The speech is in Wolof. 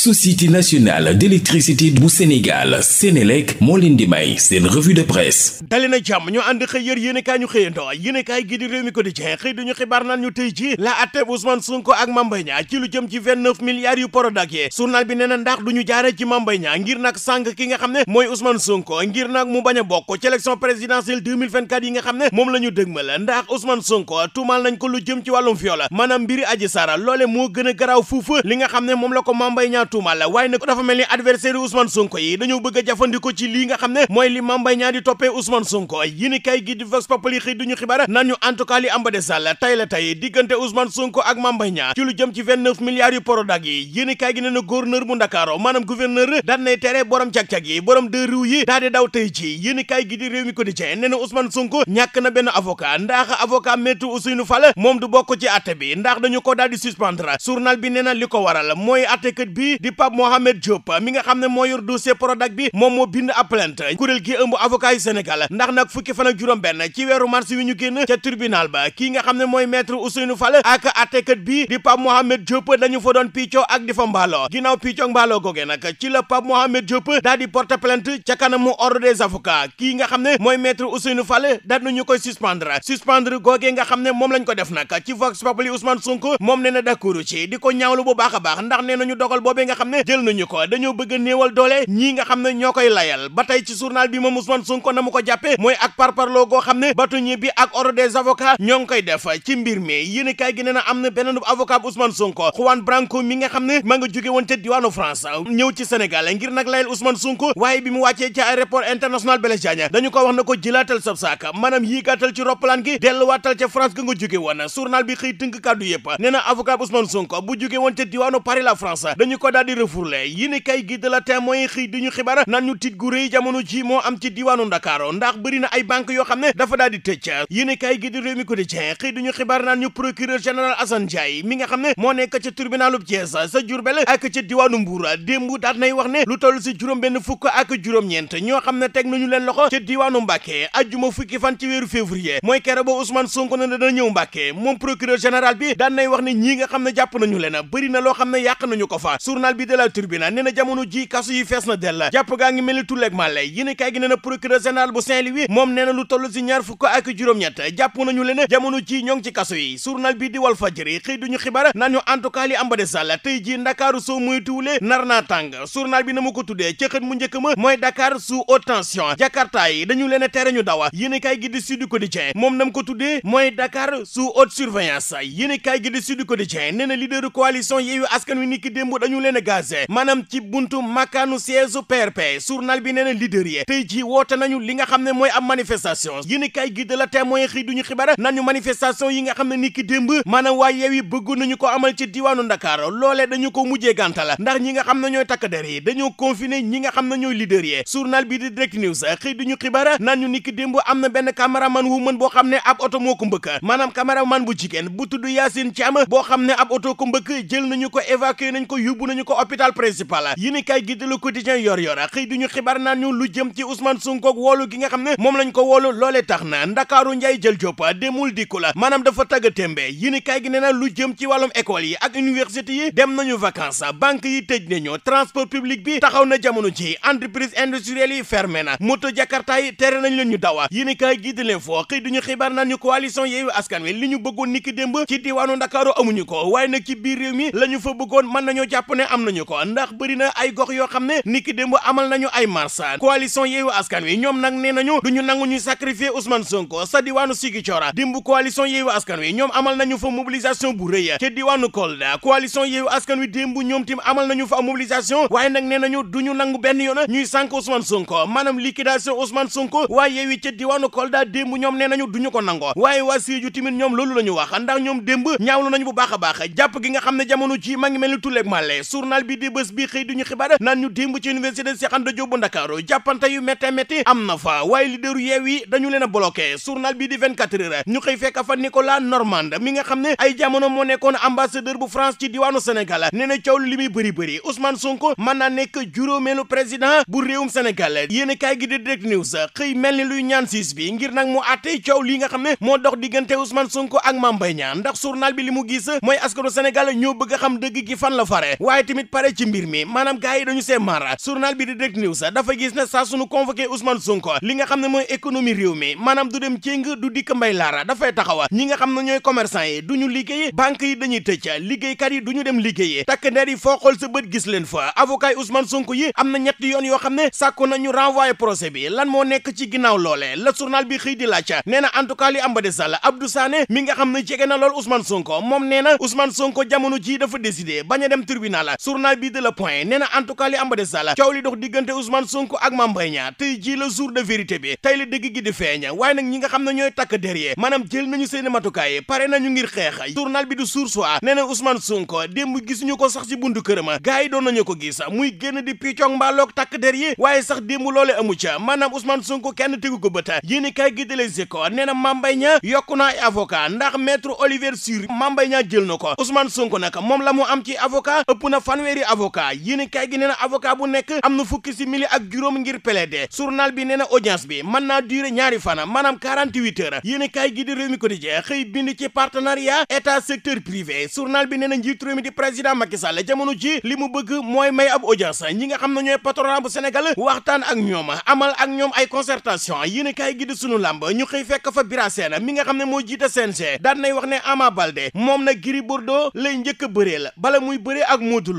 société nationale d'électricité bu Sénégal Sénélec moo leen di may seen revue de presse dali jàmm ñu ànd xëy yër yéenekaay ñu xëyandoo yéenekaay gi di Rewmi Quotidien xëy duñu xibaar naan ñu tey ci la àtte Ousmane Sonko ak Mame ci lu jëm ci 29 yu Prodac yi journal bi nee na ndax duñu jaare ci Mame ngir nag sànq ki nga xam ne mooy Ousmane Sonko ngir nag mu bañ a bokk ci élection présidentielle yi nga xam ne moom la ñu dëgmal ndax moo gën a garaaw fuufu nga xam ne moom la ko tuumal waaye nag dafa mel ni adversaire yi Ousmane yi dañoo bëgg a jafandiko ci lii nga xam ne mooy li Mame Mbaye Niang di toppee Ousmane Sonko yéen kay gi di Vox Populi xëy duñu xibaar naan ñu en tout cas li am ba desal tey la tey diggante Ousmane Sonko ak Mame Mbaye Niang ci lu jëm ci yu Prodac yi yi yi daal kay gi di ko di nee na Ousmane Sonko ñàkk na benn avocat ndax avocat maître Ousseynou Fall moom du bokk ci àtte bi ndax dañu ko daal di suspendre bi nee li ko di Pape Mohamed Diop mi nga xam ne moo yor dossier Prodac bi moom moo bind ab plainte kuréel gi ëmb avocat yu Sénégal ndax nag fukki fan ak juróom-benn ci weeru mars wi ñu génn ca tribunal ba kii nga xam ne mooy maître Ousseynou Fall ak àttekat bi di Pape Mohamed Diop dañu doon piccoo ak di fa mbaaloo ginnaaw piccoo mbaaloo googee nag ci la Pape Mohamed Diop daal ca kanamu ordre des avocats kii nga xam ne mooy maître Ousseynou Fall daal nañu koy suspendre suspendre googee nga xam ne moom lañ ko def nag ci vox populi Ousmane Sonko moom nee na d'accord ci di ko ñaawlu bu baax a baax ndax nee nañu dogal boobee nga xam ne jël nañu ko dañoo a néewal ñoo koy layal ba tey ci journal bi moom Ousmane Sonko na mu ko jàppee mooy ak parparloo goo xam ne bâtonnier bi ak ordre des ngi koy def ci mbir mi yéen kaay gi nee na am na beneen avocat bu Ousmane Sonko Juan Branco mi nga xam ne ma nga jóge woon ca diwaanu France ñëw ci Sénégal ngir nag layal Ousmane Sonko waaye bi mu wàccee ci aéroport international Blaise Diagne dañu ko wax na ko jëlaatal sab saak maanaam yiigaatal ci roppalaan gi delluwaatal ca France ga nga jóge woon journal bi xëy tënk kàddu yëpp nee na avocat bu Ousmane Sonko bu jóge woon ca diwaanu Paris la France dañu ko daal di refourlé yéenekaay gi de la Témoin xëy di ñu xibaar naan ñu tiit gu rëy jamono ji moo am ci diiwaanu Ndakaaru ndax bëri na ay banque yoo xam ne dafa daal di tëj yéenekaay gi di Rewmi Quotidien xëy di ñu xibaar naan ñu procureur général Assane Ndiaye mi nga xam ne moo nekk ca tribunalu Thiès sa Diourbel ak ca diiwaanu Mbour démb daal nay wax ne lu toll si juróom benn fukk ak juróom-ñeent ñoo xam ne teg nañu leen loxo ca diiwaanu Mbàkke ajjuma fukki fan ci weeru février mooy kere ba Ousmane Sonko na dana ñëw Mbàkke moom procureur général bi daan nay wax ne ñi nga xam ne jàpp nañu leen bëri na loo xam ne yàq nañu ko journal bi ji kaso yi fees na jàpp gaa ngi mel ni tulleeg màlle yéen kaay gi nee na procureur général bu Saint-Louis moom nee lu toll si ñaar fukk ak juróom-ñett jàpp nañu leen jamono ji ñoo ngi ci kaso yi journal bi di Walf Fadjri xëy duñu ñu en tout cas ambade sall tey ji ndakaaru soo moytuwulee nar naa tàng journal bi na ma ko tuddee ca mu njëkk ma mooy Dakar sous haute tension yi dañu leen gi di Sud ko di Sud Quotidien nee na gaz maanaam ci buntu makkaanu siège PRP journal bi nee na leader yi tey jii woote nañu li nga xam ne mooy am manifestation yéen kay gi de la témoin xii duñu xibaar yi nga xam ne ni ki démb maanaam waa yeewi bëgg nañu ko amal ci diwaanu Dakar loolee dañu ko mujjee gàntal ndax ñi nga xam ne ñooy takk der yi dañoo confiné ñi nga xam ne ñooy leader yi journal bi di direct news xii duñu xibaar nañu ni ki démb am na benn caméraman wu mën boo xam ne ab oto moo ko mbëkk maanaam caméraman bu jigéen bu tudd Yacine xam ne ko mbëkk jël ko évacué ko yóbbu ko hôpital principal yéen kay gi di Le yor yor xëy di ñu xibaar naan ñu lu jëm ci Ousmane Sonko woolu gi nga xam ne moom lañ ko woolu loolee tax na ndakaaru njaay jël jopp demul dikku la maanaam dafa tagg témbe yéen kay gi nee na lu jëm ci wàllum école yi ak université yi dem nañu vacances banque yi tëj nañu transport public bi taxaw na jamono ji entreprise industrielle yi fermé na moto jakarta yi tere nañ leen ñu dawa yéen kay gi di leen foo xëy di ñu xibaar naan ñu coalition li ñu bëggoon niki démb ci diwaanu ko mi la ñu fa bëggoon mën am nañu ko ndax bëri na ay gox yoo xam ne niki demb amal nañu ay marsa coalition yeewu askan wi ñoom nag nee nañu duñu nangu ñuy sacrifier Ousmane Sonko sa diwaanu Ziguinchor démb coalition yeewu askan wi ñoom amal nañu fa mobilisation bu rëy ca diwaanu Kolda coalition yeewu askan wi démb ñoom tim amal nañu fa mobilisation waaye nag nee nañu duñu nangu benn yoon ñuy sànk Ousmane Sonko maanaam liquidation Ousmane Sonko waaye yeewi ca diwaanu Kolda démb ñoom nee nañu duñu ko nango waaye waa Sédhiou tamit ñoom loolu la ñu wax ndax ñoom démb ñaawlu nañu bu baax a baax jàpp gi nga xam ne jamono ji ma ngi mel ni tu tuleeg màlle journal bi di bés bi xëy duñu xibaar naan ñu démb ci université Cheikh Anta Diop bu Ndakaaru jàppante yu métte métti am na fa waaye leaderu yeew a bloqué journal bi di 24 heures ñu xëy fekk fa Nicolas Normand mi nga xam ne ay jamono moo nekkoon ambassadeur bu France ci diwaanu Sénégal nee na coow li muy bëri bëri Ousmane Sonko mën naa nekk juróomeelu président bu réewum Sénégal yéen kaay gi di direct news xëy mel ni luy ñaan siis bi ngir nag mu àtte coow li nga xam ne moo dox diggante Ousmane Sonko ak Mame Mbaye Niang ndax journal bi li mu gis mooy askanu Sénégal ñoo bëgg a xam dëgg gi fan la fare waaye tamit pare ci mbir mi maanaam gars yi dañu see mara journal bi di Direct News dafa gis ne saa sunu convoqué Ousmane Sonko li nga xam ne mooy économie réew mi maanaam du dem céng du dikk mbay laara dafay taxawa ñi nga xam ne ñooy commerçant yi duñu liggéey banque yi dañuy tëj liggéeykat yi duñu dem liggéey takk ndeer yi foo xool gis leen fa avocat yi Ousmane yi am na ñetti yoon yoo xam ne sàkku nañu renvoyer procès bi lan moo nekk ci ginnaaw la journal bi xëy di laaj nee na en tout cas li am lool a journal bii de la point nee na en tout cas li am ba des daal coow li dox diggante Ousmane Sonko ak Mame Mbaye Niang tey jii la jour de vérité bi la dëgg gi di feeñ waaye nag ñi xam ne ñooy takk derrière maanaam jël nañu seen matukaay pare nañu ngir xeex journal bi du Source A nee na Ousmane Sonko démb gisuñu ko sax ci buntu këram gars yi doon nañu ko gis muy génn di piccoog mbaaloog takk derrière waaye sax démb loole amu ca maanaam Ousmane Sonko kenn tegu ko bët yéen kay gi de Les na Mame Mbaye Niang yokku na ndax maître Olivier Sur Mame Mbaye jël na ko Ousmane Sonko nag moom la mu am ci avocat ëpp fanweeri avocat yéen kaay gi nee na avocat bu nekk am na fukki si simili ak juróom ngir plaider journal bi nee na audience bi mën naa durer ñaari fana maanaam 48 heures yéen kaay gi di réew mi quotidien xëy bind ci partenariat état secteur privé journal bi nee na njiitu réew di président Macky Sall jamono ji li mu bëgg mooy may ab audience ñi nga xam ne ñooy patronat bu Sénégal waxtaan ak ñoom amal ak ñoom ay concertation yéen kaay gi di sunu làmb ñu xëy fekk fa Bira Sène mi nga xam ne moo jiite CNG daan nay wax ne Ama Baldé moom na Gris Bordeaux lay njëkk a bëreel bala muy bëree ak Modou